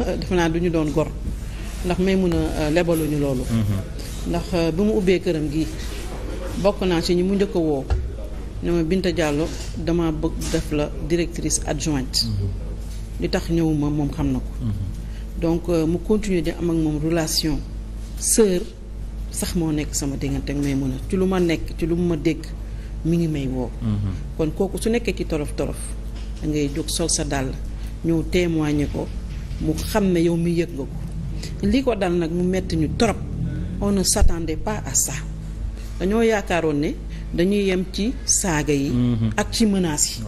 Euh, defe naa du ñu doon gor ndax may mun a euh, lebaluñu loolu mm-hmm. ndax euh, bi mu ubbee këram gi bokk naa ci ñi mu njëkk a woo ne ma Binta Diallo dama bëgg def la directrice adjointe mm-hmm. li tax ñëwuma moom xam na ko mm-hmm. donc mu continuer di am ak moom relation sœur sax moo nekk sama diggante ak may mun a ci lu ma nekk ci lu ma dégg mi ngi may woo kon kooku su nekkee ci torof torof da ngay jóg sol sa dàll ñëw témoigner ko mu xam na yow mi yëg nga ko li ko dal nag mu metti ñu trop on ne s'attendait pas à ça dañoo yaakaaroon ne dañuy yem ci saaga yi mhm. ak ci menaces yi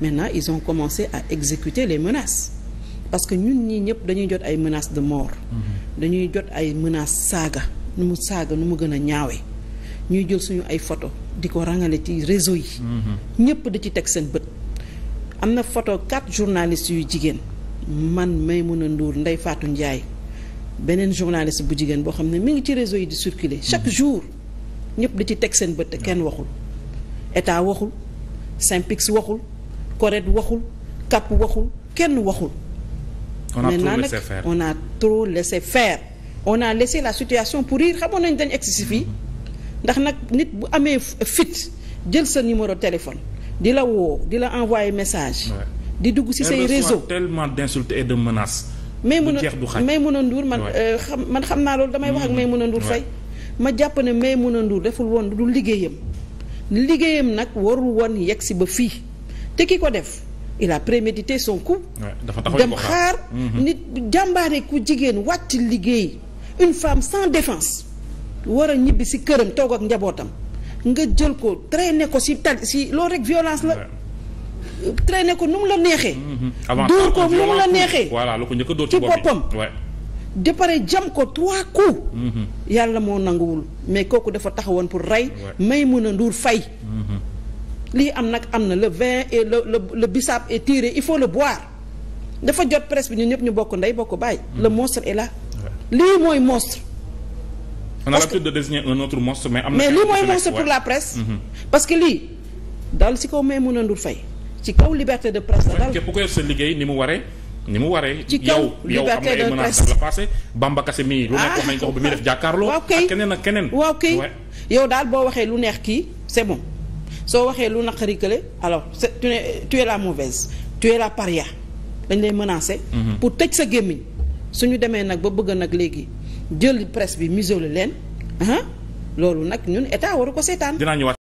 maintenant ils ont commencé à exécuter les menaces parce que ñun ñii ñëpp dañuy jot ay menaces de mort mhm. dañuy jot ay menaces saaga nu mu saaga nu mu gën a ñaawee ñuy jël suñu ay photo di ko rangale ci réseau yi mhm. ñëpp di ci teg seen bët am na photo quatre journalistes yu jigéen man may Maimouna nduur ndey faatu njaay beneen journaliste bu jigéen boo xam ne mi ngi ci réseau yi di circuler chaque mm-hmm. jour ñëpp di ci teg seen bët mm-hmm. kenn waxul état waxul Synpics waxul CORED waxul CAP waxul kenn waxul. on a trop laissé faire on a trop laissé faire on la situation pourrir xamoon nañ dañ egsi si fii mm-hmm. ndax nag nit bu amee fit jël sa numéro téléphone di la woo di la envoyé message. di dugg ci say réseau tellement d'insultes et de menaces. Maïmouna Maïmouna Ndour man euh, xam man xam naa loolu damay wax ak a Ndour Faye ma jàpp ne a nduur deful woon du liggéeyam liggéeyam nag warul woon yegg si ba fii te ki ko def il a prémédité son coup dem xaar mhm. nit jàmbaare ku jigéen wàcc liggéey une femme sans défense war a ñibbi si këram toog ak njabootam nga jël ko traîner ko si tal si loolu rek violence la traîner ko nu mu la neexee. Mhm. dóor ko nu mu la neexee. ko njëkk a dóor ci boppam de pare jam ko trois coups. Mhm. yàlla moo nanguwul mais kooku dafa taxawoon pour rey. may mën a nduur fay. Mhm. lii am nag am na le vin et le le le bissap est tiré il faut le boire dafa jot presse bi ñun ñëpp ñu bokk ndey bokk bàyyi. le monstre est là. lii mooy monstre. de désigner un autre na la presse. parce que lii daal si kaw may mën a nduur fay. ci kaw liberté de presse la dal képp ku def sa liggéey ni mu waree ni mu waree. ci kaw liberté de presse yow yow am na ay menaces la passé. Bamba Kassé mii lu nekk ah. jàkkaarloo. waaw kay keneen ak keneen. waaw yow daal boo waxee lu neex kii c'est bon soo waxee lu naqari kële alors c'est tu es tu la mauvaise tu la paria dañ lay menacer. Mhm. pour tëj sa gémmiñ suñu demee nag ba bëgg nag léegi jël presse bi muselé leen ah loolu nag ñun état waru ko seetaan.